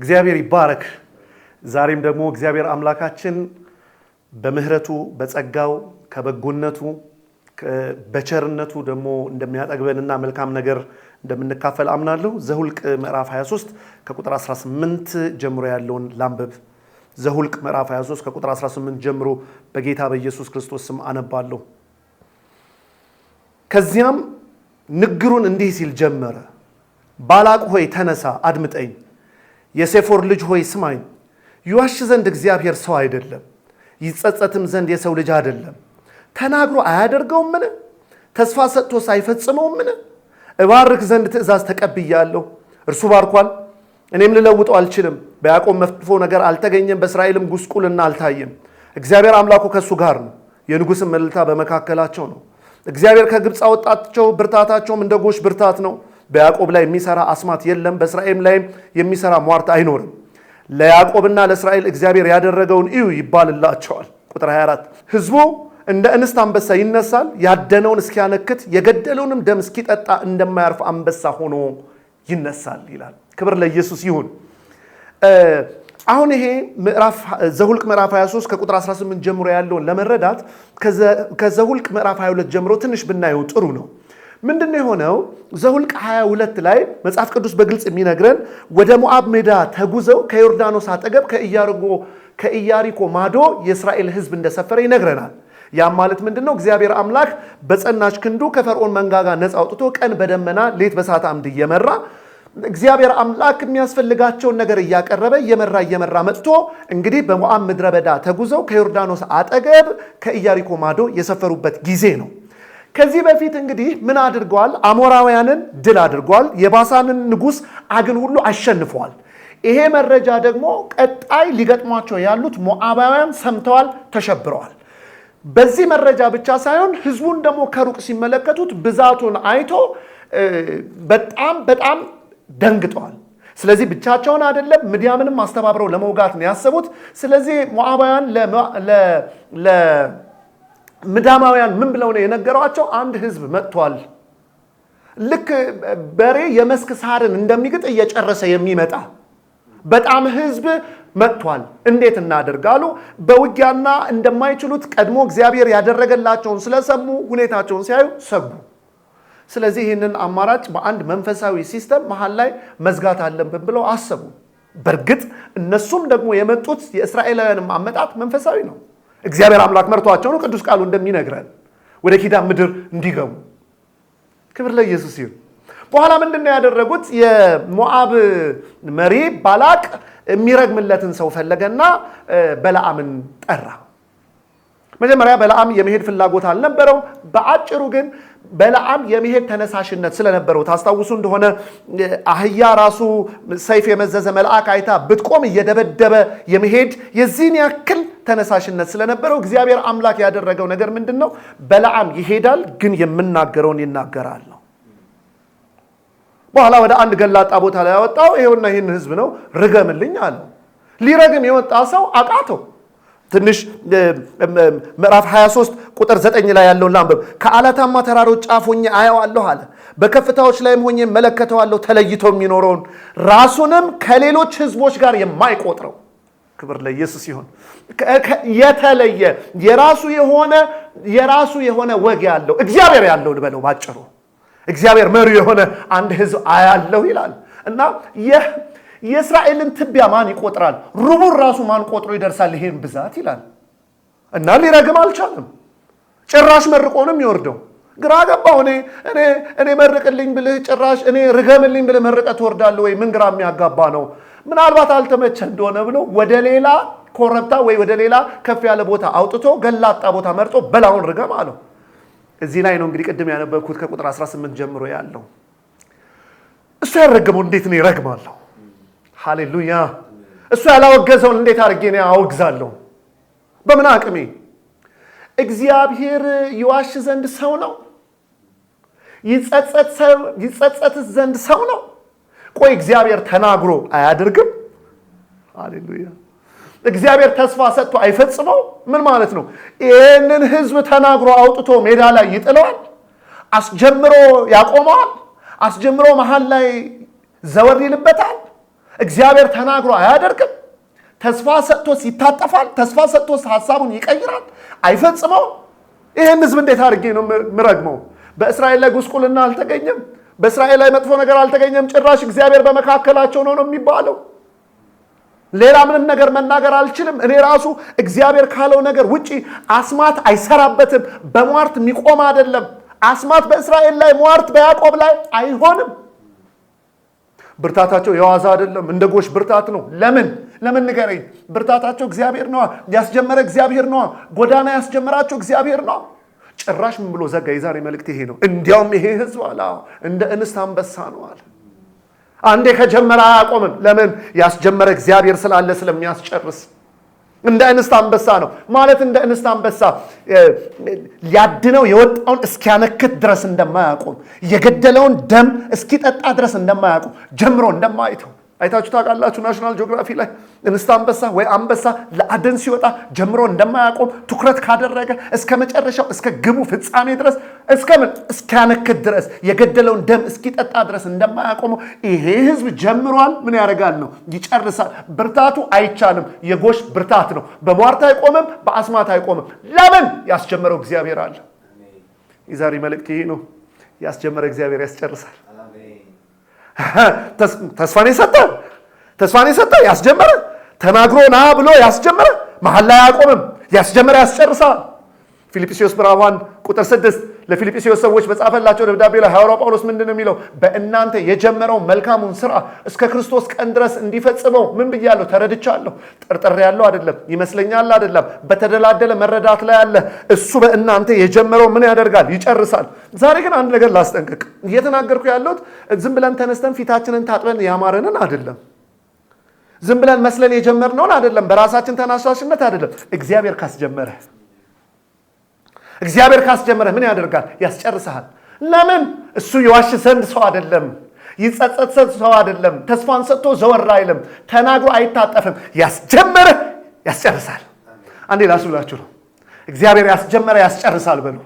እግዚአብሔር ይባረክ። ዛሬም ደግሞ እግዚአብሔር አምላካችን በምሕረቱ በጸጋው ከበጎነቱ በቸርነቱ ደግሞ እንደሚያጠግበንና መልካም ነገር እንደምንካፈል አምናለሁ። ዘሁልቅ ምዕራፍ 23 ከቁጥር 18 ጀምሮ ያለውን ላንብብ። ዘሁልቅ ምዕራፍ 23 ከቁጥር 18 ጀምሮ በጌታ በኢየሱስ ክርስቶስ ስም አነባለሁ። ከዚያም ንግሩን እንዲህ ሲል ጀመረ። ባላቅ ሆይ ተነሳ፣ አድምጠኝ የሴፎር ልጅ ሆይ ስማኝ፣ ይዋሽ ዘንድ እግዚአብሔር ሰው አይደለም፣ ይጸጸትም ዘንድ የሰው ልጅ አይደለም። ተናግሮ አያደርገውምን? ተስፋ ሰጥቶ ሳይፈጽመውምን? እባርክ ዘንድ ትእዛዝ ተቀብያለሁ፣ እርሱ ባርኳል፣ እኔም ልለውጠው አልችልም። በያዕቆብ መጥፎ ነገር አልተገኘም፣ በእስራኤልም ጉስቁልና አልታየም። እግዚአብሔር አምላኩ ከእሱ ጋር ነው፣ የንጉሥም መልልታ በመካከላቸው ነው። እግዚአብሔር ከግብፅ አወጣቸው፣ ብርታታቸውም እንደ ጎሽ ብርታት ነው። በያዕቆብ ላይ የሚሰራ አስማት የለም፣ በእስራኤል ላይ የሚሰራ ሟርት አይኖርም። ለያዕቆብና ለእስራኤል እግዚአብሔር ያደረገውን እዩ ይባልላቸዋል። ቁጥር 24 ህዝቡ እንደ እንስት አንበሳ ይነሳል፣ ያደነውን እስኪያነክት የገደለውንም ደም እስኪጠጣ እንደማያርፍ አንበሳ ሆኖ ይነሳል ይላል። ክብር ለኢየሱስ ይሁን። አሁን ይሄ ዘሁልቅ ምዕራፍ 23 ከቁጥር 18 ጀምሮ ያለውን ለመረዳት ከዘሁልቅ ምዕራፍ 22 ጀምሮ ትንሽ ብናየው ጥሩ ነው። ምንድን ነው የሆነው? ዘሁልቅ 22 ላይ መጽሐፍ ቅዱስ በግልጽ የሚነግረን ወደ ሞዓብ ሜዳ ተጉዘው ከዮርዳኖስ አጠገብ ከኢያሪኮ ማዶ የእስራኤል ሕዝብ እንደሰፈረ ይነግረናል። ያም ማለት ምንድን ነው? እግዚአብሔር አምላክ በጸናች ክንዱ ከፈርዖን መንጋጋ ነፃ አውጥቶ ቀን በደመና ሌት በሳት አምድ እየመራ እግዚአብሔር አምላክ የሚያስፈልጋቸውን ነገር እያቀረበ እየመራ እየመራ መጥቶ እንግዲህ በሞዓብ ምድረ በዳ ተጉዘው ከዮርዳኖስ አጠገብ ከኢያሪኮ ማዶ የሰፈሩበት ጊዜ ነው። ከዚህ በፊት እንግዲህ ምን አድርገዋል? አሞራውያንን ድል አድርገዋል። የባሳንን ንጉሥ አግን ሁሉ አሸንፈዋል። ይሄ መረጃ ደግሞ ቀጣይ ሊገጥሟቸው ያሉት ሞዓባውያን ሰምተዋል፣ ተሸብረዋል። በዚህ መረጃ ብቻ ሳይሆን ህዝቡን ደግሞ ከሩቅ ሲመለከቱት ብዛቱን አይቶ በጣም በጣም ደንግጠዋል። ስለዚህ ብቻቸውን አይደለም፣ ምድያምንም አስተባብረው ለመውጋት ነው ያሰቡት። ስለዚህ ሞዓባውያን ምዳማውያን ምን ብለው ነው የነገሯቸው? አንድ ህዝብ መጥቷል። ልክ በሬ የመስክ ሳርን እንደሚግጥ እየጨረሰ የሚመጣ በጣም ህዝብ መጥቷል። እንዴት እናደርጋሉ? በውጊያና እንደማይችሉት ቀድሞ እግዚአብሔር ያደረገላቸውን ስለሰሙ ሁኔታቸውን ሲያዩ ሰጉ። ስለዚህ ይህንን አማራጭ በአንድ መንፈሳዊ ሲስተም መሀል ላይ መዝጋት አለብን ብለው አሰቡ። በእርግጥ እነሱም ደግሞ የመጡት የእስራኤላውያንም አመጣት መንፈሳዊ ነው። እግዚአብሔር አምላክ መርቷቸው ነው። ቅዱስ ቃሉ እንደሚነግረን ወደ ኪዳን ምድር እንዲገቡ ክብር ለኢየሱስ ይሁን። በኋላ ምንድን ነው ያደረጉት? የሞዓብ መሪ ባላቅ የሚረግምለትን ሰው ፈለገና በለዓምን ጠራ። መጀመሪያ በለዓም የመሄድ ፍላጎት አልነበረውም። በአጭሩ ግን በለዓም የመሄድ ተነሳሽነት ስለነበረው ታስታውሱ እንደሆነ አህያ ራሱ ሰይፍ የመዘዘ መልአክ አይታ ብትቆም እየደበደበ የመሄድ የዚህን ያክል ተነሳሽነት ስለነበረው እግዚአብሔር አምላክ ያደረገው ነገር ምንድን ነው? በለዓም ይሄዳል፣ ግን የምናገረውን ይናገራል ነው። በኋላ ወደ አንድ ገላጣ ቦታ ላይ ያወጣው ይሄውና፣ ይህን ህዝብ ነው ርገምልኝ አለው። ሊረግም የወጣ ሰው አቃተው። ትንሽ ምዕራፍ 23 ቁጥር 9 ላይ ያለውን ላንብብ። ከአላታማ ተራሮች ጫፍ ሆኜ አየዋለሁ አለ። በከፍታዎች ላይም ሆኜ መለከተዋለሁ። ተለይቶ የሚኖረውን ራሱንም ከሌሎች ህዝቦች ጋር የማይቆጥረው ክብር ለኢየሱስ ይሁን። የተለየ የራሱ የሆነ የራሱ የሆነ ወግ ያለው እግዚአብሔር ያለው ልበለው ባጭሩ እግዚአብሔር መሪ የሆነ አንድ ህዝብ አያለው ይላል እና ይህ የእስራኤልን ትቢያ ማን ይቆጥራል? ሩቡን ራሱ ማን ቆጥሮ ይደርሳል ይሄን ብዛት ይላል እና ሊረግም አልቻለም። ጭራሽ መርቆንም ይወርደው የሚወርደው። ግራ ገባው። እኔ እኔ እኔ መርቅልኝ ብልህ ጭራሽ እኔ ርገምልኝ ብልህ መርቀ ትወርዳለህ ወይ? ምን ግራ የሚያጋባ ነው። ምናልባት አልተመቸ እንደሆነ ብሎ ወደ ሌላ ኮረብታ ወይ ወደ ሌላ ከፍ ያለ ቦታ አውጥቶ ገላጣ ቦታ መርጦ በላውን ርገም አለው። እዚህ ላይ ነው እንግዲህ ቅድም ያነበብኩት ከቁጥር 18 ጀምሮ ያለው እሱ ያረገመው እንዴት ነው ይረግማለሁ? ሃሌሉያ። እሱ ያላወገዘውን እንዴት አድርጌ ነው አወግዛለሁ? በምን አቅሜ? እግዚአብሔር ይዋሽ ዘንድ ሰው ነው? ይጸጸትስ ዘንድ ሰው ነው? ቆይ እግዚአብሔር ተናግሮ አያደርግም? ሃሌሉያ። እግዚአብሔር ተስፋ ሰጥቶ አይፈጽመው? ምን ማለት ነው? ይህንን ህዝብ ተናግሮ አውጥቶ ሜዳ ላይ ይጥለዋል? አስጀምሮ ያቆመዋል? አስጀምሮ መሀል ላይ ዘወር ይልበታል? እግዚአብሔር ተናግሮ አያደርግም? ተስፋ ሰጥቶስ ይታጠፋል? ተስፋ ሰጥቶስ ሀሳቡን ይቀይራል? አይፈጽመውም? ይህን ህዝብ እንዴት አድርጌ ነው ምረግመው? በእስራኤል ላይ ጉስቁልና አልተገኘም። በእስራኤል ላይ መጥፎ ነገር አልተገኘም። ጭራሽ እግዚአብሔር በመካከላቸው ነው ነው የሚባለው። ሌላ ምንም ነገር መናገር አልችልም። እኔ ራሱ እግዚአብሔር ካለው ነገር ውጪ አስማት አይሰራበትም። በሟርት የሚቆም አይደለም። አስማት በእስራኤል ላይ ሟርት በያዕቆብ ላይ አይሆንም። ብርታታቸው የዋዛ አይደለም፣ እንደ ጎሽ ብርታት ነው። ለምን ለምን ንገረኝ። ብርታታቸው እግዚአብሔር ነዋ። ያስጀመረ እግዚአብሔር ነዋ። ጎዳና ያስጀመራቸው እግዚአብሔር ነዋ። ጭራሽ ምን ብሎ ዘጋ? የዛሬ መልእክት ይሄ ነው። እንዲያውም ይሄ ህዝብ አለ እንደ እንስት አንበሳ ነው አለ። አንዴ ከጀመረ አያቆምም። ለምን? ያስጀመረ እግዚአብሔር ስላለ ስለሚያስጨርስ እንደ እንስት አንበሳ ነው ማለት እንደ እንስት አንበሳ ሊያድነው የወጣውን እስኪያነክት ድረስ እንደማያቆም የገደለውን ደም እስኪጠጣ ድረስ እንደማያቆም ጀምሮ እንደማይተው አይታችሁ ታውቃላችሁ። ናሽናል ጂኦግራፊ ላይ እንስት አንበሳ ወይ አንበሳ ለአደን ሲወጣ ጀምሮ እንደማያቆም ትኩረት ካደረገ እስከ መጨረሻው እስከ ግቡ ፍጻሜ ድረስ እስከ ምን እስኪያነክት ድረስ የገደለውን ደም እስኪጠጣ ድረስ እንደማያቆመው ይሄ ህዝብ ጀምሯል። ምን ያደርጋል ነው ይጨርሳል። ብርታቱ አይቻልም። የጎሽ ብርታት ነው። በሟርት አይቆምም፣ በአስማት አይቆምም። ለምን ያስጀመረው እግዚአብሔር አለ። የዛሬ መልእክት ይሄ ነው። ያስጀመረ እግዚአብሔር ያስጨርሳል። ተስፋን የሰጠ ተስፋን የሰጠ ያስጀመረ ተናግሮ ና ብሎ ያስጀመረ መሀል ላይ አያቆምም። ያስጀመረ ያስጨርሰዋል። ፊልጵስዩስ ምዕራፍ 1 ቁጥር 6 ለፊልጵስዩስ ሰዎች በጻፈላቸው ደብዳቤ ላይ ሐዋርያው ጳውሎስ ምንድን ነው የሚለው? በእናንተ የጀመረው መልካሙን ስራ እስከ ክርስቶስ ቀን ድረስ እንዲፈጽመው ምን ብያለሁ? ተረድቻለሁ። ጥርጥር ያለው አይደለም፣ ይመስለኛል አይደለም፣ በተደላደለ መረዳት ላይ አለ። እሱ በእናንተ የጀመረው ምን ያደርጋል? ይጨርሳል። ዛሬ ግን አንድ ነገር ላስጠንቅቅ። እየተናገርኩ ያለሁት ዝም ብለን ተነስተን ፊታችንን ታጥበን ያማረንን አይደለም ዝም ብለን መስለን የጀመርነውን አይደለም። በራሳችን ተናሳሽነት አይደለም። እግዚአብሔር ካስጀመረ እግዚአብሔር ካስጀመረ ምን ያደርጋል? ያስጨርሰሃል። ለምን? እሱ የዋሽ ዘንድ ሰው አይደለም። ይጸጸት ዘንድ ሰው አይደለም። ተስፋን ሰጥቶ ዘወር አይልም። ተናግሮ አይታጠፍም። ያስጀመረ ያስጨርሳል። አንዴ ላስብላችሁ ነው። እግዚአብሔር ያስጀመረ ያስጨርሳል በሉ።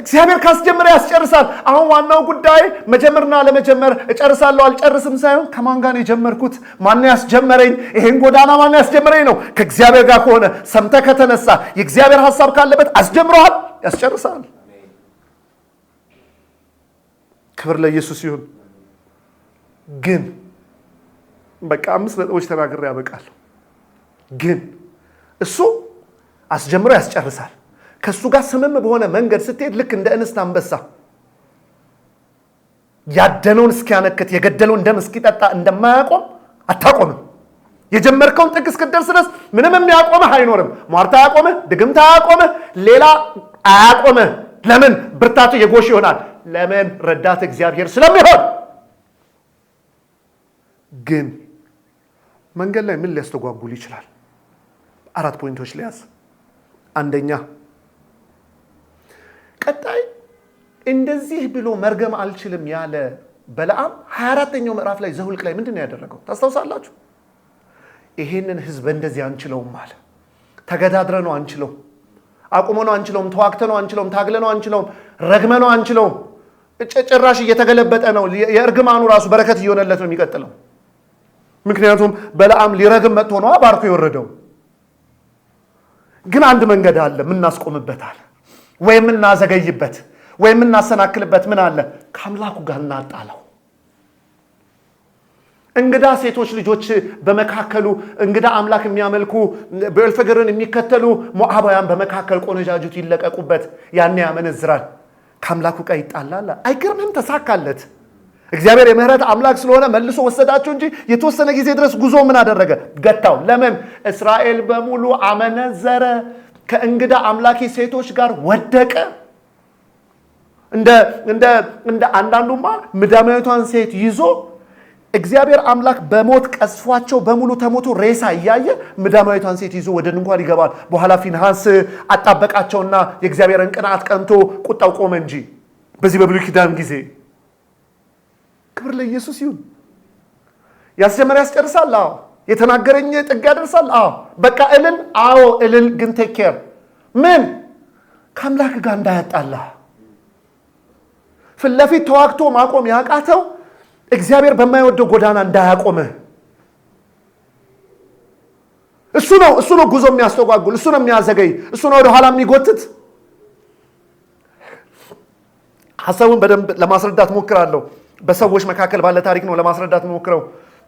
እግዚአብሔር ካስጀመረ ያስጨርሳል። አሁን ዋናው ጉዳይ መጀመርና ለመጀመር እጨርሳለሁ አልጨርስም ሳይሆን ከማን ጋር የጀመርኩት ማን ያስጀመረኝ፣ ይሄን ጎዳና ማን ያስጀመረኝ ነው። ከእግዚአብሔር ጋር ከሆነ ሰምተ ከተነሳ የእግዚአብሔር ሀሳብ ካለበት አስጀምረዋል፣ ያስጨርሳል። ክብር ለኢየሱስ ይሁን። ግን በቃ አምስት ነጥቦች ተናግሬ ያበቃል ግን እሱ አስጀምሮ ያስጨርሳል። ከእሱ ጋር ስምም በሆነ መንገድ ስትሄድ ልክ እንደ እንስት አንበሳ ያደነውን እስኪያነክት የገደለውን ደም እስኪጠጣ እንደማያቆም አታቆምም። የጀመርከውን ጥግ እስክደርስ ድረስ ምንም የሚያቆምህ አይኖርም። ሟርታ አያቆምህ፣ ድግምታ አያቆምህ፣ ሌላ አያቆምህ። ለምን ብርታቱ የጎሽ ይሆናል። ለምን ረዳት እግዚአብሔር ስለሚሆን። ግን መንገድ ላይ ምን ሊያስተጓጉል ይችላል? አራት ፖይንቶች ሊያዝ አንደኛ ቀጣይ እንደዚህ ብሎ መርገም አልችልም ያለ በለዓም 24ኛው ምዕራፍ ላይ ዘሁልቅ ላይ ምንድን ነው ያደረገው ታስታውሳላችሁ? ይሄንን ህዝብ እንደዚህ አንችለውም አለ። ተገዳድረ ነው አንችለውም፣ አቁመ ነው አንችለውም፣ ተዋግተ ነው አንችለውም፣ ታግለ ነው አንችለውም፣ ረግመ ነው አንችለውም። ጭራሽ እየተገለበጠ ነው። የእርግማኑ ራሱ በረከት እየሆነለት ነው የሚቀጥለው። ምክንያቱም በለዓም ሊረግም መጥቶ ነው ባርኮ የወረደው። ግን አንድ መንገድ አለ፣ ምናስቆምበታል ወይም እናዘገይበት ወይም እናሰናክልበት ምን አለ? ከአምላኩ ጋር እናጣለው። እንግዳ ሴቶች ልጆች በመካከሉ እንግዳ አምላክ የሚያመልኩ ብዔልዜቡልን የሚከተሉ ሞዓባውያን በመካከል ቆነጃጁት ይለቀቁበት፣ ያኔ ያመነዝራል፣ ከአምላኩ ጋር ይጣላል። አይገርምም? ተሳካለት። እግዚአብሔር የምህረት አምላክ ስለሆነ መልሶ ወሰዳቸው እንጂ የተወሰነ ጊዜ ድረስ ጉዞ ምን አደረገ? ገታው። ለምን? እስራኤል በሙሉ አመነዘረ። ከእንግዳ አምላኬ ሴቶች ጋር ወደቀ። እንደ አንዳንዱማ ምዳማዊቷን ሴት ይዞ እግዚአብሔር አምላክ በሞት ቀስፏቸው በሙሉ ተሞቶ ሬሳ እያየ ምዳማዊቷን ሴት ይዞ ወደ ድንኳን ይገባል። በኋላ ፊንሃስ አጣበቃቸውና የእግዚአብሔርን ቅንዓት ቀንቶ ቁጣው ቆመ እንጂ በዚህ በብሉይ ኪዳን ጊዜ ክብር ለኢየሱስ ይሁን። ያስጀመረ ያስጨርሳል። የተናገረኝ ጥግ ያደርሳል። አዎ በቃ እልል፣ አዎ እልል። ግን ቴክ ኬር ምን ከአምላክ ጋር እንዳያጣላ ፊት ለፊት ተዋግቶ ማቆም ያቃተው እግዚአብሔር በማይወደው ጎዳና እንዳያቆምህ እሱ ነው እሱ ነው ጉዞ የሚያስተጓጉል፣ እሱ ነው የሚያዘገይ፣ እሱ ነው ወደኋላ የሚጎትት። ሀሳቡን በደንብ ለማስረዳት ሞክራለሁ። በሰዎች መካከል ባለ ታሪክ ነው ለማስረዳት ሞክረው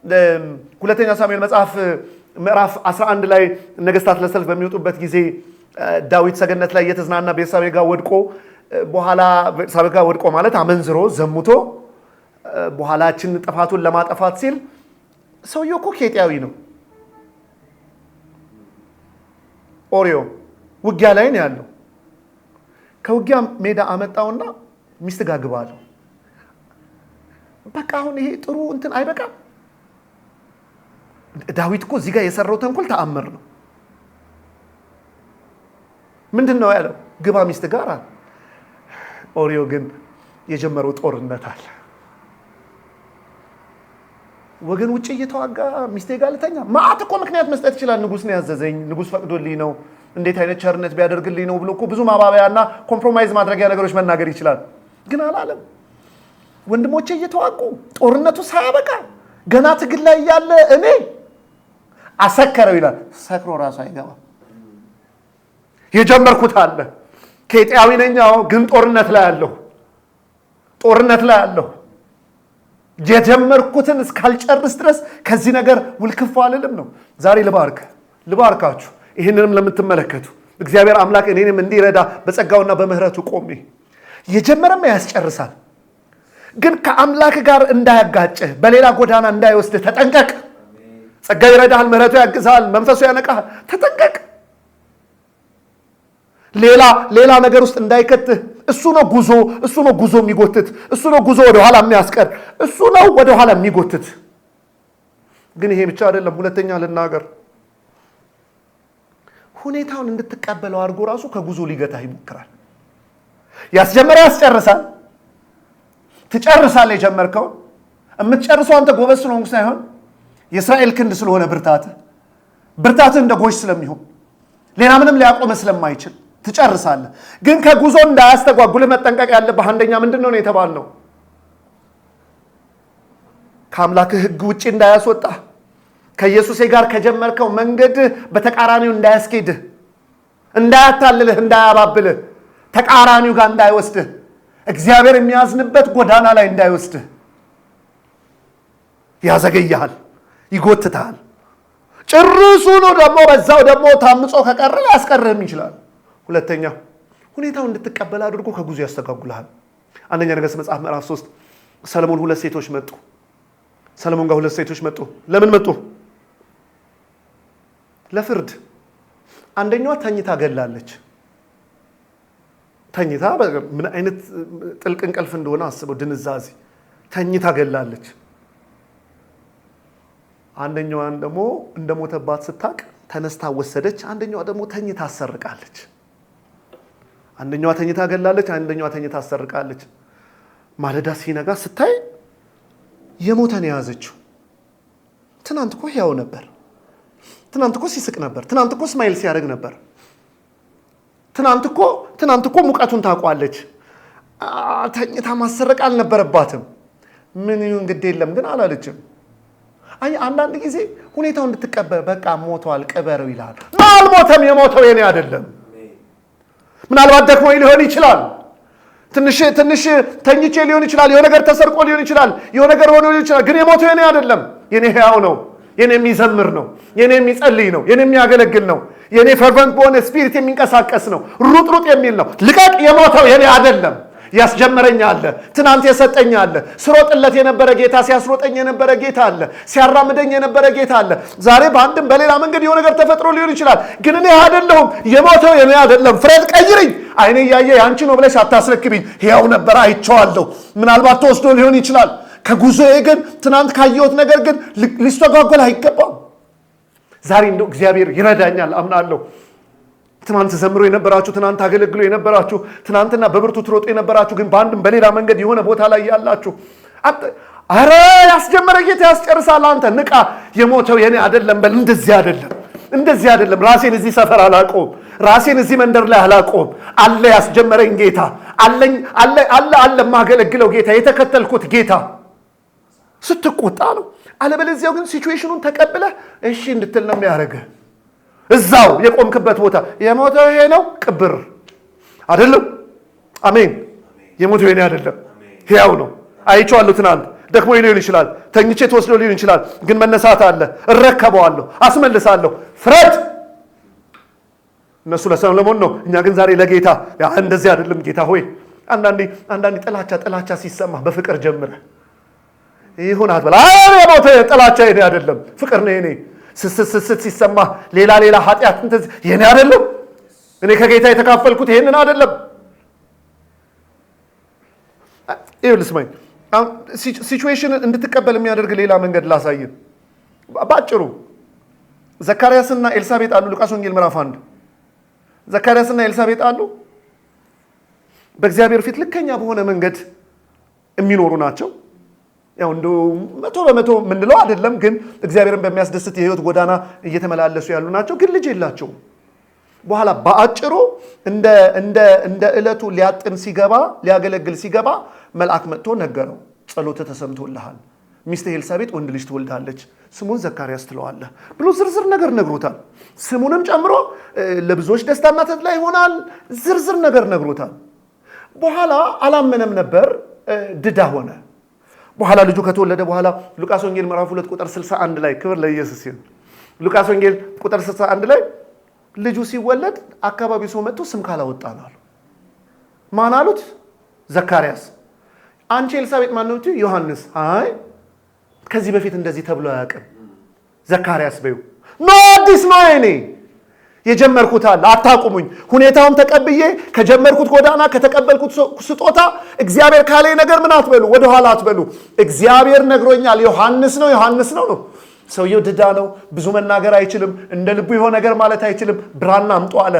ሁለተኛ ሳሙኤል መጽሐፍ ምዕራፍ 11 ላይ ነገስታት ለሰልፍ በሚወጡበት ጊዜ ዳዊት ሰገነት ላይ እየተዝናና ቤርሳቤ ጋር ወድቆ በኋላ ቤርሳቤ ጋር ወድቆ ማለት አመንዝሮ ዘሙቶ በኋላችን ጥፋቱን ለማጠፋት ሲል ሰውየው እኮ ኬጥያዊ ነው። ኦሪዮ ውጊያ ላይ ነው ያለው። ከውጊያ ሜዳ አመጣውና ሚስት ጋር ግባ አለው። በቃ አሁን ይሄ ጥሩ እንትን አይበቃም ዳዊት እኮ እዚህ ጋር የሰራው ተንኮል ተአምር ነው። ምንድን ነው ያለው? ግባ ሚስት ጋር አለ። ኦሪዮ ግን የጀመረው ጦርነት አለ። ወገን ውጭ እየተዋጋ ሚስቴ ጋር ልተኛ። ማአት እኮ ምክንያት መስጠት ይችላል። ንጉስ ነው ያዘዘኝ፣ ንጉስ ፈቅዶልኝ ነው፣ እንዴት አይነት ቸርነት ቢያደርግልኝ ነው ብሎ እኮ ብዙ ማባበያና ኮምፕሮማይዝ ማድረጊያ ነገሮች መናገር ይችላል። ግን አላለም። ወንድሞቼ እየተዋጉ ጦርነቱ ሳያበቃ ገና ትግል ላይ እያለ እኔ አሰከረው ይላል። ሰክሮ ራሱ አይገባም። የጀመርኩት አለ። ኬጢያዊ ነኝ፣ ግን ጦርነት ላይ አለሁ፣ ጦርነት ላይ አለሁ። የጀመርኩትን እስካልጨርስ ድረስ ከዚህ ነገር ውልክፍ አልልም ነው። ዛሬ ልባርክ ልባርካችሁ፣ ይህንንም ለምትመለከቱ እግዚአብሔር አምላክ እኔንም እንዲረዳ በጸጋውና በምህረቱ ቆሜ የጀመረም ያስጨርሳል። ግን ከአምላክ ጋር እንዳያጋጭህ፣ በሌላ ጎዳና እንዳይወስድህ ተጠንቀቅ። ጸጋ ይረዳሃል፣ ምሕረቱ ያግዝሃል፣ መንፈሱ ያነቃሃል። ተጠንቀቅ፣ ሌላ ሌላ ነገር ውስጥ እንዳይከትህ። እሱ ነው ጉዞ፣ እሱ ነው ጉዞ የሚጎትት፣ እሱ ነው ጉዞ ወደኋላ የሚያስቀር፣ እሱ ነው ወደኋላ የሚጎትት። ግን ይሄ ብቻ አይደለም። ሁለተኛ ልናገር፣ ሁኔታውን እንድትቀበለው አድርጎ ራሱ ከጉዞ ሊገታህ ይሞክራል። ያስጀመረ ያስጨርሳል። ትጨርሳል የጀመርከውን። የምትጨርሰው አንተ ጎበዝ ስለሆንክ ሳይሆን የእስራኤል ክንድ ስለሆነ ብርታት ብርታት እንደ ጎሽ ስለሚሆን ሌላ ምንም ሊያቆመ ስለማይችል ትጨርሳለህ። ግን ከጉዞ እንዳያስተጓጉል መጠንቀቅ ያለብህ አንደኛ ምንድን ነው የተባል ነው። ከአምላክህ ሕግ ውጭ እንዳያስወጣህ፣ ከኢየሱሴ ጋር ከጀመርከው መንገድ በተቃራኒው እንዳያስኬድህ፣ እንዳያታልልህ፣ እንዳያባብልህ፣ ተቃራኒው ጋር እንዳይወስድህ፣ እግዚአብሔር የሚያዝንበት ጎዳና ላይ እንዳይወስድህ ያዘገይሃል። ይጎትታል። ጭርሱኑ ደግሞ በዛው ደግሞ ታምጾ ከቀረ ሊያስቀርህም ይችላል። ሁለተኛ ሁኔታው እንድትቀበል አድርጎ ከጉዞ ያስተጋጉልሃል። አንደኛ ነገሥት መጽሐፍ ምዕራፍ ሶስት ሰለሞን ሁለት ሴቶች መጡ። ሰለሞን ጋር ሁለት ሴቶች መጡ። ለምን መጡ? ለፍርድ። አንደኛዋ ተኝታ ገላለች። ተኝታ ምን አይነት ጥልቅ እንቅልፍ እንደሆነ አስበው፣ ድንዛዜ። ተኝታ ገላለች። አንደኛዋን ደግሞ እንደሞተባት ስታቅ ተነስታ ወሰደች። አንደኛዋ ደግሞ ተኝታ አሰርቃለች። አንደኛዋ ተኝታ ገላለች፣ አንደኛዋ ተኝታ አሰርቃለች። ማለዳ ሲነጋ ስታይ የሞተን የያዘችው። ትናንት እኮ ሕያው ነበር። ትናንት እኮ ሲስቅ ነበር። ትናንት እኮ ስማይል ሲያደርግ ነበር። ትናንት እኮ ትናንት እኮ ሙቀቱን ታውቋለች። ተኝታ ማሰረቅ አልነበረባትም። ምን ይሁን ግድ የለም ግን አላለችም። አንዳንድ ጊዜ ሁኔታው እንድትቀበል በቃ ሞተዋል ቅበረው ይላል። አልሞተም። የሞተው የኔ አይደለም። ምናልባት ደክሞ ሊሆን ይችላል። ትንሽ ትንሽ ተኝቼ ሊሆን ይችላል። የሆነ ነገር ተሰርቆ ሊሆን ይችላል። የሆነ ነገር ሆኖ ሊሆን ይችላል። ግን የሞተው የኔ አይደለም። የኔ ሕያው ነው። የኔ የሚዘምር ነው። የኔ የሚጸልይ ነው። የኔ የሚያገለግል ነው። የኔ ፈርቨንት በሆነ ስፒሪት የሚንቀሳቀስ ነው። ሩጥ ሩጥ የሚል ነው። ልቀቅ፣ የሞተው የኔ አይደለም። ያስጀመረኝ አለ። ትናንት የሰጠኝ አለ። ስሮጥለት የነበረ ጌታ፣ ሲያስሮጠኝ የነበረ ጌታ አለ። ሲያራምደኝ የነበረ ጌታ አለ። ዛሬ በአንድም በሌላ መንገድ የሆነ ነገር ተፈጥሮ ሊሆን ይችላል፣ ግን እኔ አይደለሁም የሞተው የኔ አይደለም። ፍሬድ ቀይርኝ፣ አይኔ እያየ ያንቺ ነው ብለሽ አታስረክብኝ። ሕያው ነበረ፣ አይቼዋለሁ። ምናልባት ተወስዶ ሊሆን ይችላል። ከጉዞዬ ግን ትናንት ካየሁት ነገር ግን ሊስተጓጎል አይገባም። ዛሬ እንደው እግዚአብሔር ይረዳኛል አምናለሁ። ትናንት ዘምሮ የነበራችሁ፣ ትናንት አገለግሎ የነበራችሁ፣ ትናንትና በብርቱ ትሮጡ የነበራችሁ፣ ግን በአንድም በሌላ መንገድ የሆነ ቦታ ላይ ያላችሁ አረ ያስጀመረ ጌታ ያስጨርሳል። አንተ ንቃ። የሞተው የኔ አደለም በል። እንደዚህ አደለም፣ እንደዚህ አይደለም። ራሴን እዚህ ሰፈር አላቆም፣ ራሴን እዚህ መንደር ላይ አላቆም። አለ ያስጀመረኝ ጌታ አለኝ፣ አለ አለ አለ የማገለግለው ጌታ የተከተልኩት ጌታ ስትቆጣ ነው። አለበለዚያው ግን ሲቹዌሽኑን ተቀብለህ እሺ እንድትል ነው የሚያደርግህ። እዛው የቆምክበት ቦታ የሞተው ይሄ ነው ቅብር አይደለም። አሜን። የሞተ ይሄ አይደለም፣ ሕያው ነው። አይቼዋለሁ ትናንት። ደክሞ ሊሆን ይችላል፣ ተኝቼ ተወስዶ ሊሆን ይችላል። ግን መነሳት አለ። እረከበዋለሁ፣ አስመልሳለሁ። ፍረድ። እነሱ ለሰለሞን ነው፣ እኛ ግን ዛሬ ለጌታ እንደዚህ አይደለም። ጌታ ሆይ አንዳንዴ አንዳንዴ ጥላቻ ጥላቻ ሲሰማ በፍቅር ጀምረ ይሁን አትበል። አይ ጥላቻ ይሄ አይደለም፣ ፍቅር ነው ይሄ ስስት ስስት ሲሰማ ሌላ ሌላ ኃጢአት እንትን የኔ አይደለም፣ እኔ ከጌታ የተካፈልኩት ይሄንን አይደለም። ይኸው ልስማኝ፣ እንድትቀበል የሚያደርግ ሌላ መንገድ ላሳይን በአጭሩ። ዘካርያስና ኤልሳቤጥ አሉ። ሉቃስ ወንጌል ምዕራፍ አንድ ዘካርያስና ኤልሳቤጥ አሉ። በእግዚአብሔር ፊት ልከኛ በሆነ መንገድ የሚኖሩ ናቸው። ያው እንደ መቶ በመቶ የምንለው አይደለም፣ ግን እግዚአብሔርን በሚያስደስት የህይወት ጎዳና እየተመላለሱ ያሉ ናቸው። ግን ልጅ የላቸውም። በኋላ በአጭሩ እንደ ዕለቱ ሊያጥን ሲገባ ሊያገለግል ሲገባ መልአክ መጥቶ ነገረው፣ ጸሎት ተሰምቶልሃል፣ ሚስት ኤልሳቤጥ ወንድ ልጅ ትወልዳለች፣ ስሙን ዘካርያስ ትለዋለህ ብሎ ዝርዝር ነገር ነግሮታል። ስሙንም ጨምሮ ለብዙዎች ደስታና ተድላ ይሆናል፣ ዝርዝር ነገር ነግሮታል። በኋላ አላመነም ነበር፣ ድዳ ሆነ። በኋላ ልጁ ከተወለደ በኋላ ሉቃስ ወንጌል ምዕራፍ 2 ቁጥር 61 ላይ ክብር ለኢየሱስ ይሁን። ሉቃስ ወንጌል ቁጥር 61 ላይ ልጁ ሲወለድ አካባቢ ሰው መጥቶ ስም ካላወጣ ነው አሉ። ማን አሉት? ዘካርያስ። አንቺ ኤልሳቤጥ ማን ነው? ዮሐንስ። አይ ከዚህ በፊት እንደዚህ ተብሎ አያውቅም፣ ዘካርያስ በይው። ኖ አዲስ ነው እኔ የጀመርኩት አለ አታቁሙኝ። ሁኔታውን ተቀብዬ ከጀመርኩት ጎዳና ከተቀበልኩት ስጦታ እግዚአብሔር ካለ ነገር ምን አትበሉ፣ ወደኋላ አትበሉ። እግዚአብሔር ነግሮኛል። ዮሐንስ ነው ዮሐንስ ነው ነው ሰውየው ድዳ ነው። ብዙ መናገር አይችልም። እንደ ልቡ የሆነ ነገር ማለት አይችልም። ብራና አምጦ አለ።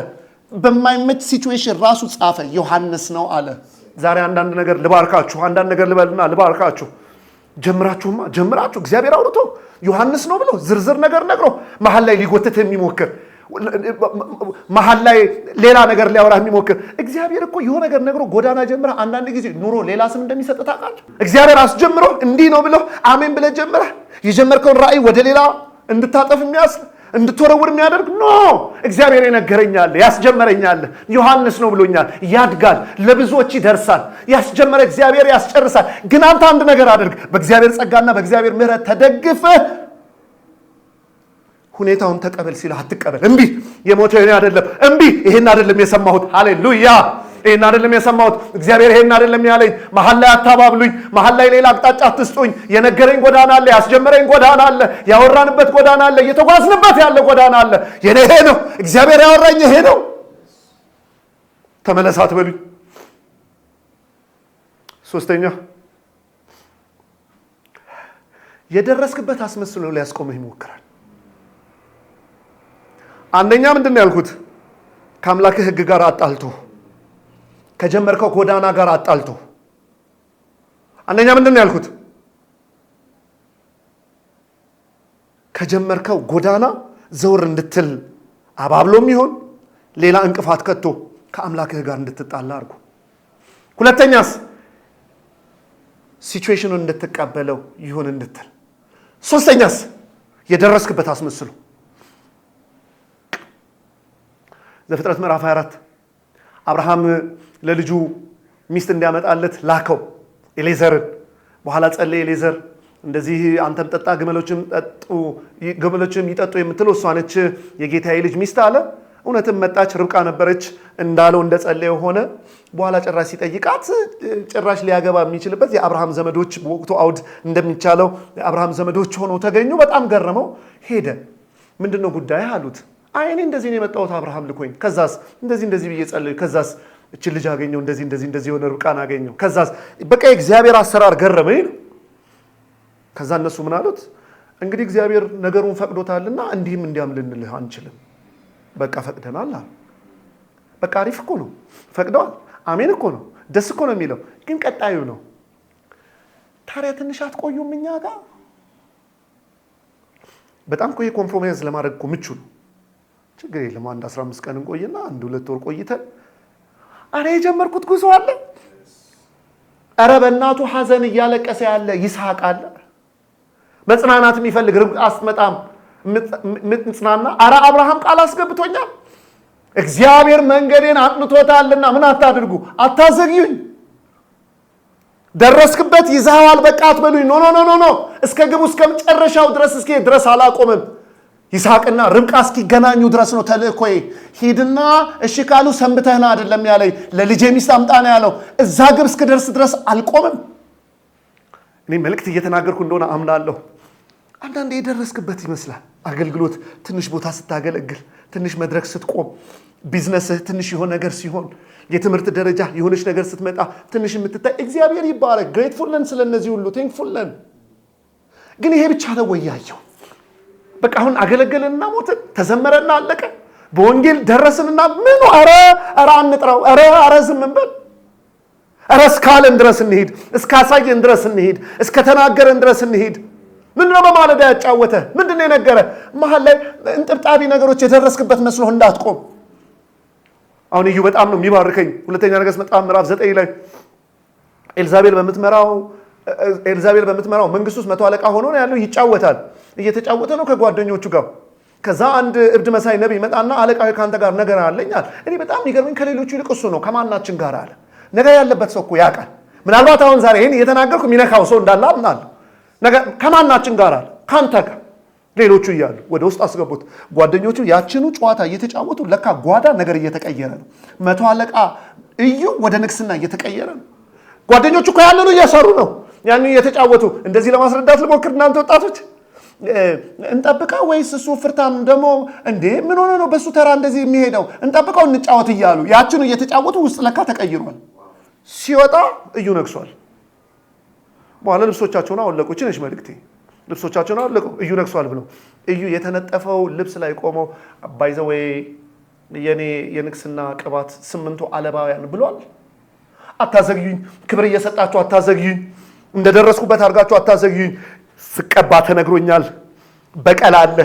በማይመች ሲትዌሽን ራሱ ጻፈ። ዮሐንስ ነው አለ። ዛሬ አንዳንድ ነገር ልባርካችሁ፣ አንዳንድ ነገር ልበልና ልባርካችሁ። ጀምራችሁማ ጀምራችሁ እግዚአብሔር አውርቶ ዮሐንስ ነው ብሎ ዝርዝር ነገር ነግሮ መሀል ላይ ሊጎትት የሚሞክር መሀል ላይ ሌላ ነገር ሊያወራ የሚሞክር እግዚአብሔር እኮ የሆነ ነገር ነግሮ ጎዳና ጀምረ። አንዳንድ ጊዜ ኑሮ ሌላ ስም እንደሚሰጥ ታውቃለህ። እግዚአብሔር አስጀምሮ እንዲህ ነው ብለው አሜን ብለህ ጀምረ የጀመርከውን ራእይ ወደ ሌላ እንድታጠፍ የሚያስ እንድትወረውር የሚያደርግ ኖ እግዚአብሔር የነገረኛለ ያስጀመረኛለ ዮሐንስ ነው ብሎኛል። ያድጋል፣ ለብዙዎች ይደርሳል። ያስጀመረ እግዚአብሔር ያስጨርሳል። ግን አንተ አንድ ነገር አድርግ። በእግዚአብሔር ጸጋና በእግዚአብሔር ምረት ተደግፈህ ሁኔታውን ተቀበል ሲል አትቀበል። እምቢ የሞተ እኔ አይደለም። እምቢ ይሄን አይደለም የሰማሁት። ሃሌሉያ ይሄን አይደለም የሰማሁት። እግዚአብሔር ይሄን አይደለም ያለኝ። መሀል ላይ አታባብሉኝ፣ መሀል ላይ ሌላ አቅጣጫ አትስጡኝ። የነገረኝ ጎዳና አለ፣ ያስጀመረኝ ጎዳና አለ፣ ያወራንበት ጎዳና አለ፣ እየተጓዝንበት ያለ ጎዳና አለ። የኔ ይሄ ነው። እግዚአብሔር ያወራኝ ይሄ ነው። ተመለስ አትበሉኝ። ሶስተኛ የደረስክበት አስመስሎ ሊያስቆምህ ይሞክራል። አንደኛ ምንድን ነው ያልኩት? ከአምላክህ ህግ ጋር አጣልቶ ከጀመርከው ጎዳና ጋር አጣልቶ። አንደኛ ምንድን ነው ያልኩት? ከጀመርከው ጎዳና ዘውር እንድትል አባብሎም ይሆን ሌላ እንቅፋት ከቶ ከአምላክህ ጋር እንድትጣላ አድርጎ፣ ሁለተኛስ ሲቹዌሽኑን እንድትቀበለው ይሁን እንድትል፣ ሶስተኛስ የደረስክበት አስመስሉ። ዘፍጥረት ምዕራፍ 24 አብርሃም ለልጁ ሚስት እንዲያመጣለት ላከው ኤሌዘርን። በኋላ ጸለይ ኤሌዘር እንደዚህ አንተም ጠጣ ግመሎችም ይጠጡ የምትለው እሷ ነች የጌታዬ ልጅ ሚስት አለ። እውነትም መጣች ርብቃ ነበረች እንዳለው እንደጸለየ ሆነ። በኋላ ጭራሽ ሲጠይቃት ጭራሽ ሊያገባ የሚችልበት የአብርሃም ዘመዶች በወቅቱ አውድ እንደሚቻለው የአብርሃም ዘመዶች ሆኖ ተገኙ። በጣም ገረመው። ሄደ ምንድነው ጉዳይ አሉት። አይ እኔ እንደዚህ ነው የመጣሁት አብርሃም ልኮኝ፣ ከዛስ እንደዚህ እንደዚህ ብዬ ጸልይ፣ ከዛስ እችን ልጅ አገኘው፣ እንደዚህ እንደዚህ እንደዚህ የሆነ ርብቃን አገኘው፣ ከዛስ በቃ የእግዚአብሔር አሰራር ገረመኝ ነው። ከዛ እነሱ ምን አሉት? እንግዲህ እግዚአብሔር ነገሩን ፈቅዶታልና እንዲህም እንዲያም ልንልህ አንችልም። በቃ ፈቅደናል አሉ። በቃ አሪፍ እኮ ነው፣ ፈቅደዋል። አሜን እኮ ነው፣ ደስ እኮ ነው የሚለው ግን ቀጣዩ ነው። ታዲያ ትንሽ አትቆዩም እኛ ጋር? በጣም እኮ ኮምፕሮማይዝ ለማድረግ እኮ ምቹ ነው። ችግር የለም አንድ 15 ቀን እንቆይና አንድ ሁለት ወር ቆይተን አረ የጀመርኩት ጉዞ አለ። አረ በእናቱ ሐዘን እያለቀሰ ያለ ይስሐቅ አለ። መጽናናት የሚፈልግ ርብቃ አስመጣም ምጽናና። አረ አብርሃም ቃል አስገብቶኛል እግዚአብሔር መንገዴን አጥንቶታልና ምን አታድርጉ፣ አታዘግዩኝ። ደረስክበት ይዛዋል በቃ አትበሉኝ። ኖ ኖ ኖ ኖ እስከ ግቡ እስከ መጨረሻው ድረስ እስኪ ድረስ አላቆምም። ይስሐቅና ርብቃ እስኪገናኙ ድረስ ነው ተልእኮ። ሂድና እሺ ካሉ ሰንብተህና አይደለም ያለኝ ለልጄ ሚስት አምጣ ነው ያለው። እዛ ግብ እስክደርስ ድረስ አልቆምም። እኔ መልእክት እየተናገርኩ እንደሆነ አምናለሁ። አንዳንዴ የደረስክበት ይመስላል። አገልግሎት ትንሽ ቦታ ስታገለግል፣ ትንሽ መድረክ ስትቆም፣ ቢዝነስህ ትንሽ የሆነ ነገር ሲሆን፣ የትምህርት ደረጃ የሆነች ነገር ስትመጣ ትንሽ የምትታይ እግዚአብሔር ይባረክ። ግሬትፉል ነን ስለነዚህ ሁሉ ቴንክፉል ነን። ግን ይሄ ብቻ ነው ወያየው በቃ አሁን አገለገልንና ሞትን፣ ተዘመረና አለቀ፣ በወንጌል ደረስንና ምኑ ረ ረ አንጥራው፣ ረ ረ ዝምንበል ረ እስካለን ድረስ እንሄድ፣ እስካሳየን ድረስ እንሄድ፣ እስከተናገረን ድረስ እንሄድ ምንድነው በማለዳ ያጫወተ ምንድነው የነገረ? መሀል ላይ እንጥብጣቢ ነገሮች የደረስክበት መስሎ እንዳትቆም። አሁን እዩ በጣም ነው የሚባርከኝ። ሁለተኛ ነገሥት መጽሐፍ ምዕራፍ ዘጠኝ ላይ ኤልዛቤል በምትመራው ኤልዛቤል በምትመራው መንግስት ውስጥ መቶ አለቃ ሆኖ ነው ያለው። ይጫወታል እየተጫወተ ነው ከጓደኞቹ ጋር። ከዛ አንድ እብድ መሳይ ነቢይ መጣና አለቃዊ ከአንተ ጋር ነገር አለኛል። እኔ በጣም የሚገርመኝ ከሌሎቹ ይልቅ እሱ ነው ከማናችን ጋር አለ። ነገር ያለበት ሰው እኮ ያውቃል። ምናልባት አሁን ዛሬ ይህን እየተናገርኩ የሚነካው ሰው እንዳለ አምናለሁ። ከማናችን ጋር አለ ከአንተ ጋር ሌሎቹ እያሉ ወደ ውስጥ አስገቡት። ጓደኞቹ ያችኑ ጨዋታ እየተጫወቱ ለካ ጓዳ ነገር እየተቀየረ ነው። መቶ አለቃ እዩ ወደ ንግስና እየተቀየረ ነው። ጓደኞቹ እኮ ያንኑ እየሰሩ ነው፣ ያንኑ እየተጫወቱ። እንደዚህ ለማስረዳት ልሞክር እናንተ ወጣቶች እንጠብቀው ወይስ እሱ ፍርታም ደግሞ እንዴ ምን ሆነ ነው በእሱ ተራ እንደዚህ የሚሄደው እንጠብቀው እንጫወት እያሉ ያችን እየተጫወቱ ውስጥ ለካ ተቀይሯል። ሲወጣ እዩ ነግሷል። በኋላ ልብሶቻቸውን አወለቁ። ችነች መልክቴ ልብሶቻቸውን አወለቁ እዩ ነግሷል ብለው እዩ የተነጠፈው ልብስ ላይ ቆመው ባይዘወይ የኔ የንግስና ቅባት ስምንቱ አለባውያን ብሏል። አታዘግዩኝ፣ ክብር እየሰጣችሁ አታዘግዩኝ፣ እንደደረስኩበት አድርጋችሁ አታዘግዩኝ፣ ስቀባ ተነግሮኛል። በቀል አለ።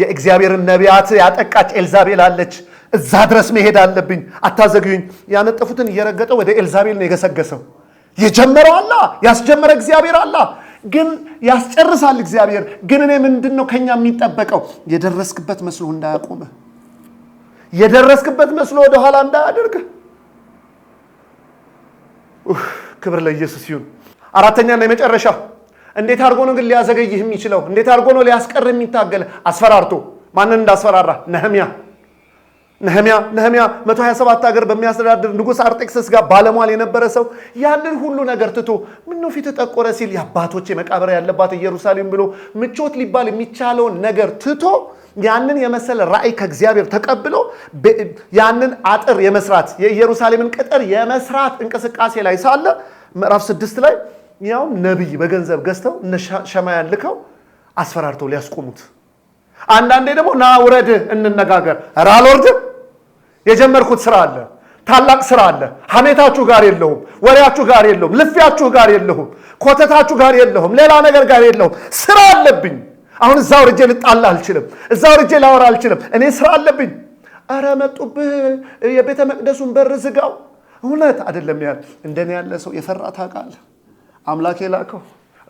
የእግዚአብሔርን ነቢያት ያጠቃች ኤልዛቤል አለች። እዛ ድረስ መሄድ አለብኝ፣ አታዘግዩኝ። ያነጠፉትን እየረገጠ ወደ ኤልዛቤል ነው የገሰገሰው። የጀመረው አላ ያስጀመረ እግዚአብሔር አላ ግን ያስጨርሳል እግዚአብሔር። ግን እኔ ምንድን ነው ከኛ የሚጠበቀው? የደረስክበት መስሎ እንዳያቆመ፣ የደረስክበት መስሎ ወደኋላ እንዳያደርግ። ክብር ለኢየሱስ ይሁን። አራተኛና የመጨረሻ እንዴት አድርጎ ነው ግን ሊያዘገይህ የሚችለው? እንዴት አድርጎ ነው ሊያስቀር የሚታገል? አስፈራርቶ ማንን እንዳስፈራራ ነህሚያ ነህሚያ ነህሚያ 127 ሀገር በሚያስተዳድር ንጉሥ አርጤክስስ ጋር ባለሟል የነበረ ሰው ያንን ሁሉ ነገር ትቶ ምነው ፊት ጠቆረ ሲል የአባቶች መቃብር ያለባት ኢየሩሳሌም ብሎ ምቾት ሊባል የሚቻለውን ነገር ትቶ ያንን የመሰለ ራእይ ከእግዚአብሔር ተቀብሎ ያንን አጥር የመስራት የኢየሩሳሌምን ቅጥር የመስራት እንቅስቃሴ ላይ ሳለ ምዕራፍ ስድስት ላይ ያውም ነቢይ በገንዘብ ገዝተው እነ ሸማያን ልከው አስፈራርተው ሊያስቆሙት፣ አንዳንዴ ደግሞ ና ውረድ እንነጋገር። ኧረ አልወርድም፣ የጀመርኩት ስራ አለ፣ ታላቅ ስራ አለ። ሐሜታችሁ ጋር የለሁም፣ ወሬያችሁ ጋር የለሁም፣ ልፊያችሁ ጋር የለሁም፣ ኮተታችሁ ጋር የለሁም፣ ሌላ ነገር ጋር የለሁም። ስራ አለብኝ። አሁን እዛ ውርጄ ልጣላ አልችልም፣ እዛ ውርጄ ላወራ አልችልም። እኔ ስራ አለብኝ። ኧረ መጡብህ፣ የቤተ መቅደሱን በር ዝጋው። እውነት አይደለም ያህል እንደኔ ያለ ሰው የፈራ ታውቃለህ አምላክ የላከው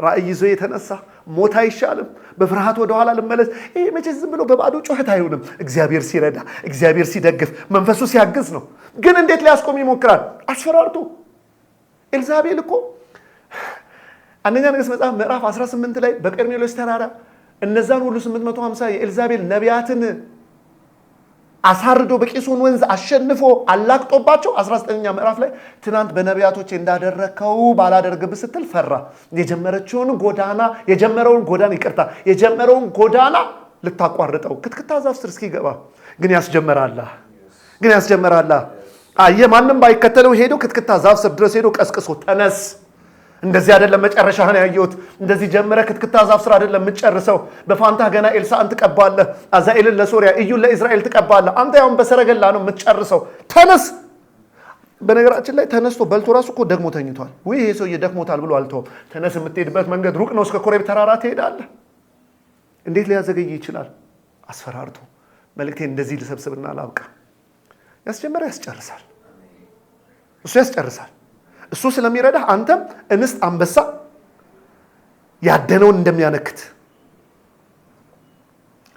ራእይ ይዞ የተነሳ ሞት አይሻልም፣ በፍርሃት ወደኋላ ልመለስ። ይሄ መቼ ዝም ብሎ በባዶ ጩኸት አይሆንም። እግዚአብሔር ሲረዳ፣ እግዚአብሔር ሲደግፍ፣ መንፈሱ ሲያግዝ ነው። ግን እንዴት ሊያስቆም ይሞክራል? አስፈራርቶ። ኤልዛቤል እኮ አንደኛ ነገሥት መጽሐፍ ምዕራፍ 18 ላይ በቀርሜሎስ ተራራ እነዛን ሁሉ 850 የኤልዛቤል ነቢያትን አሳርዶ በቂሶን ወንዝ አሸንፎ አላቅጦባቸው 19ኛ ምዕራፍ ላይ ትናንት በነቢያቶች እንዳደረከው ባላደርግብ ስትል ፈራ። የጀመረችውን ጎዳና የጀመረውን ጎዳና ይቅርታ የጀመረውን ጎዳና ልታቋርጠው ክትክታ ዛፍ ስር እስኪገባ ግን ያስጀመራላ ግን ያስጀመራላ አየ ማንም ባይከተለው ሄዶ ክትክታ ዛፍ ስር ድረስ ሄዶ ቀስቅሶ ተነስ እንደዚህ አይደለም መጨረሻህን ያየሁት። እንደዚህ ጀምረ ክትክታ ዛፍ ስራ አይደለም የምትጨርሰው። በፋንታ ገና ኤልሳዕን ትቀባለህ፣ አዛኤልን ለሶሪያ እዩን ለእስራኤል ትቀባለህ። አንተ ያሁን በሰረገላ ነው የምትጨርሰው። ተነስ። በነገራችን ላይ ተነስቶ በልቶ ራሱ እኮ ደግሞ ተኝቷል። ውይ ይሄ ሰውዬ ደክሞታል ብሎ አልተውም። ተነስ። የምትሄድበት መንገድ ሩቅ ነው፣ እስከ ኮሬብ ተራራ ትሄዳለህ። እንዴት ሊያዘገይ ይችላል? አስፈራርቶ። መልእክቴ እንደዚህ ልሰብስብና ላብቃ። ያስጀመረ ያስጨርሳል፣ እሱ ያስጨርሳል። እሱ ስለሚረዳህ አንተም እንስት አንበሳ ያደነውን እንደሚያነክት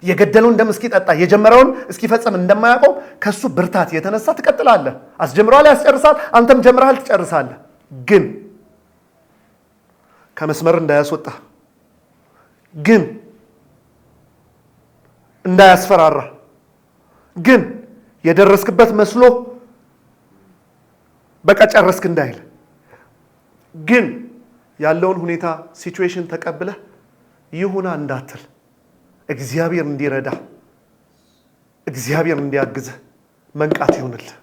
የገደለውን ደም እስኪጠጣ የጀመረውን እስኪፈጽም እንደማያቆም ከሱ ብርታት የተነሳ ትቀጥላለህ። አስጀምረዋል፣ ያስጨርሳል። አንተም ጀምረሃል፣ ትጨርሳለህ። ግን ከመስመር እንዳያስወጣ፣ ግን እንዳያስፈራራ፣ ግን የደረስክበት መስሎ በቃ ጨረስክ እንዳይል ግን ያለውን ሁኔታ ሲቹዌሽን ተቀብለህ ይሁና እንዳትል እግዚአብሔር እንዲረዳ እግዚአብሔር እንዲያግዝህ መንቃት ይሁንልህ።